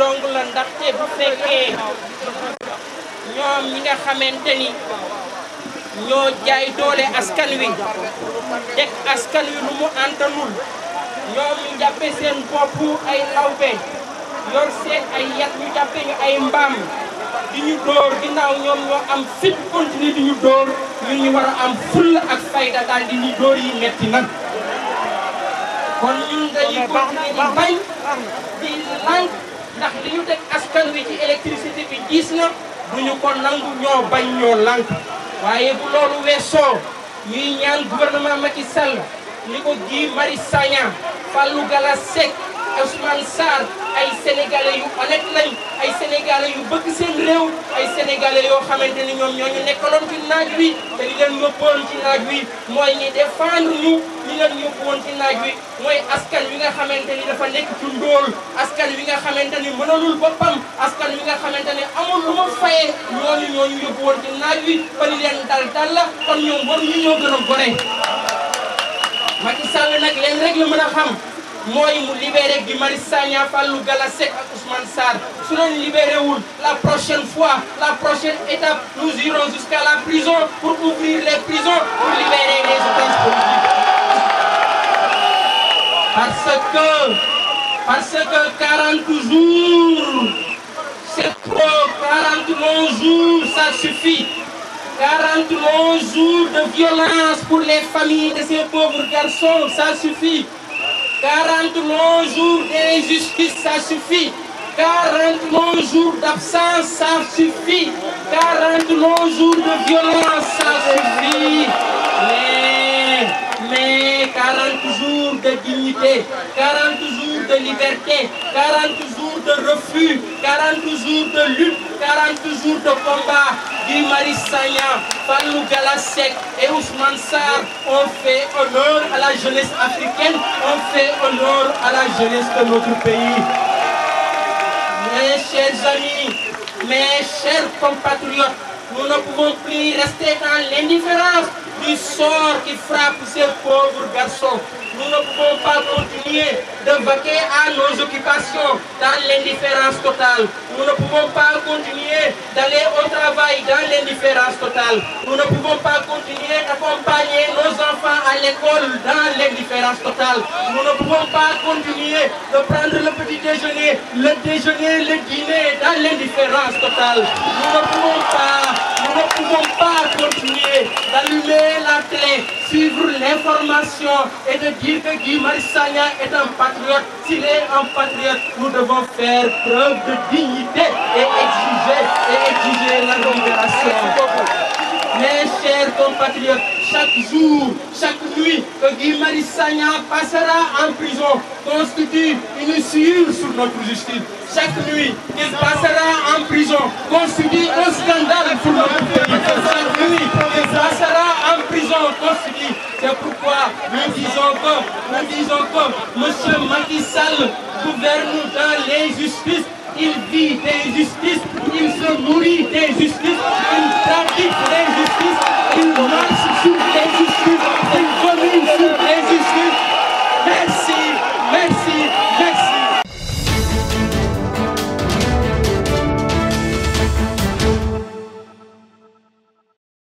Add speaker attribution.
Speaker 1: dong la ndaxte bu ñoom ñi nga xamante ni ñoo jaay doole askan seen bopp ay lawbe yor seen ay yat ñu jàppe ñu ay mbaam di ñu dóor ginnaaw ñoom ñoo am fit continue di ñu dóor ñu ñu war a am full ak fayda daal ñu dóor yi metti nag askan wi ci électricité bi diis na du ñu ko nangu ñoo bañ ñoo lànk waaye bu loolu weesoo ñuy ñaan gouvernement Macky Sall ni ko Guy Marius Sagna Fallou Galass Seck Ousmane ay sénégalais yu honnête lañ ay sénégalais yu bëgg seen réew ay sénégalais yoo xamante ni ñoom ñoo ñu nekkaloon ci naaj wi te li leen yóbbuwoon ci naaj wi mooy ñi défendre ñu li leen yóbbuwoon ci naaj wi mooy askan wi nga xamante ni dafa nekk ci ndóol askan wi nga xamante ni mënalul boppam askan wi nga xamante ni amul lu ma fayee ñooñu ñoo ñu yóbbuwoon ci naaj wi la kon ñoom war ñu ñoo gën a gone Macky Sall nag leen rek la mën a xam. Moi, je libéré libérer Guimarissa Sagna Fallou Galass ak Ousmane Sar, su leen la prochaine fois la prochaine étape nous irons jusqu'à la prison pour ouvrir les prisons pour libérer les otages politiques parce que parce que 40 jours c'est trop longs jours ça suffit longs jours de violence pour les familles de ces pauvres garçons ça suffit 40 longs jours d'injustice, ça suffit. 40 longs jours d'absence, ça suffit. 40 longs jours de violence, ça suffit. Mais, mais 40 jours de dignité, 40 jours de liberté, 40 jours de refus, 40 jours de lutte, 40 jours de combat. Guy Marie Sagna, Fallou Galasek et Ousmane Sarr ont fait honneur à la jeunesse africaine, ont fait honneur à la jeunesse de notre pays. Mes chers amis, mes chers compatriotes, nous ne pouvons plus rester dans l'indifférence du sort qui frappe ces pauvres garçons. Nous ne pouvons pas continuer de vaquer à nos occupations dans l'indifférence totale. Nous ne pouvons pas continuer d'aller au travail dans l'indifférence totale. Nous ne pouvons pas continuer d'accompagner nos enfants à l'école dans l'indifférence totale. Nous ne pouvons pas continuer de prendre le petit déjeuner, le déjeuner, le dîner dans l'indifférence totale. Nous ne pouvons pas nous ne pouvons pas continuer d'allumer la télé, suivre l'information et de dire que Guy Marissania est un patriote. S'il est un patriote, nous devons faire preuve de dignité et exiger, et exiger la libération. Mes chers compatriotes, chaque jour, chaque nuit que Guy passera en prison constitue une suive sur notre justice. Chaque nuit il passera en prison constitue un scandale sur notre pays. Chaque nuit il passera en prison constitue. C'est pourquoi nous disons comme, nous disons comme, M. Matissal, Sall gouverne dans l'injustice il vit des justices, il se nourrit des justices, il pratique des